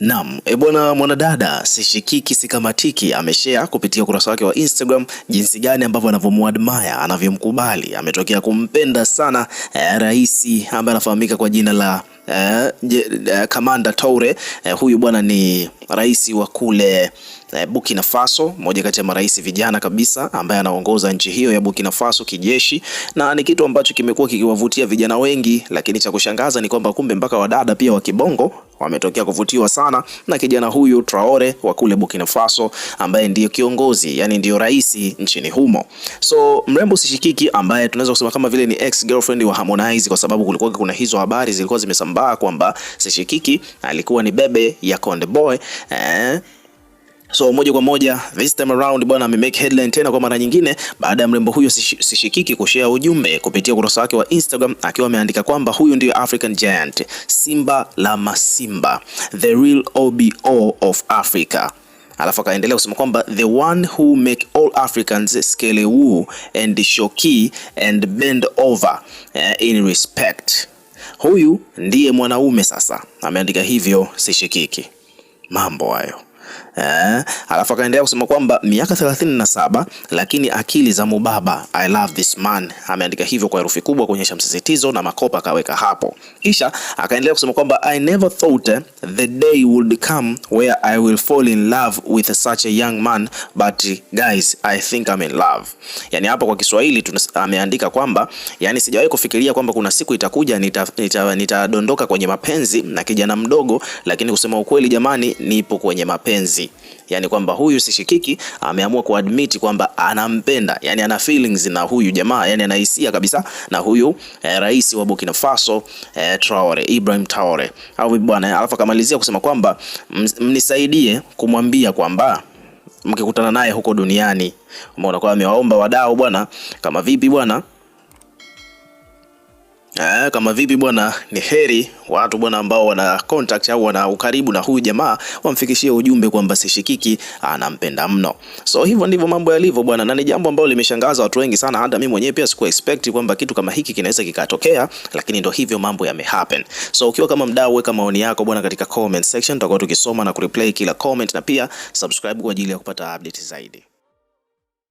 Naam, e bwana mwanadada sishikiki sikamatiki ameshare kupitia ukurasa wake wa Instagram jinsi gani ambavyo anavyomuadmire, anavyomkubali, ametokea kumpenda sana eh, rais ambaye anafahamika kwa jina la eh, eh, Kamanda Toure eh, huyu bwana ni rais wa kule eh, Burkina Faso, mmoja kati ya marais vijana kabisa ambaye anaongoza nchi hiyo ya Burkina Faso kijeshi, na ni kitu ambacho kimekuwa kikiwavutia vijana wengi, lakini cha kushangaza ni kwamba kumbe mpaka wadada pia wa kibongo wametokea kuvutiwa sana na kijana huyu Traore wa kule Burkina Faso ambaye ndiyo kiongozi yani ndiyo rais nchini humo. So mrembo Sishikiki ambaye tunaweza kusema kama vile ni ex girlfriend wa Harmonize, kwa sababu kulikuwa kuna hizo habari zilikuwa zimesambaa kwamba Sishikiki alikuwa ni bebe ya Konde Boy eh. So moja kwa moja this time around bwana ame make headline tena kwa mara nyingine baada ya mrembo huyo Sishikiki kushare ujumbe kupitia ukurasa wake wa Instagram akiwa ameandika kwamba huyu ndio African Giant, Simba la Masimba, the real OBO of Africa. Alafu akaendelea kusema kwamba the one who make all Africans scale woo and shoki and bend over eh, in respect. Huyu ndiye mwanaume sasa, ameandika hivyo Sishikiki. Mambo hayo eh. Alafu akaendelea kusema kwamba miaka 37 lakini akili za mubaba, I love this man. Ameandika hivyo kwa herufi kubwa kuonyesha msisitizo na makopa akaweka hapo, kisha akaendelea kusema kwamba I never thought eh, the day would come where I will fall in love with such a young man but guys I think I'm in love. Yaani hapo kwa Kiswahili ameandika kwamba yani, sijawahi kufikiria kwamba kuna siku itakuja nitadondoka nita, nita kwenye mapenzi na kijana mdogo, lakini kusema ukweli jamani, nipo kwenye mapenzi shikiki, yani kwamba huyu si shikiki, ameamua kuadmit kwamba anampenda, yani ana feelings na huyu jamaa, yani ana hisia kabisa na huyu eh, rais wa Burkina Faso eh, Traore, Ibrahim Traore au bwana. Alafu akamalizia kusema kwamba mnisaidie kumwambia kwamba mkikutana naye huko duniani, umeona, kwa amewaomba wadau bwana, kama vipi bwana Aa, eh, kama vipi bwana, ni heri watu bwana ambao wana contact au wana ukaribu na huyu jamaa wamfikishie ujumbe kwamba Sishikiki anampenda mno. So hivyo ndivyo mambo yalivyo bwana, na ni jambo ambalo limeshangaza watu wengi sana, hata mimi mwenyewe pia sikuwa expect kwamba kitu kama hiki kinaweza kikatokea, lakini ndo hivyo mambo yame happen. So ukiwa kama mdau, weka maoni yako bwana katika comment section, tutakuwa tukisoma na kureplay kila comment, na pia subscribe kwa ajili ya kupata update zaidi.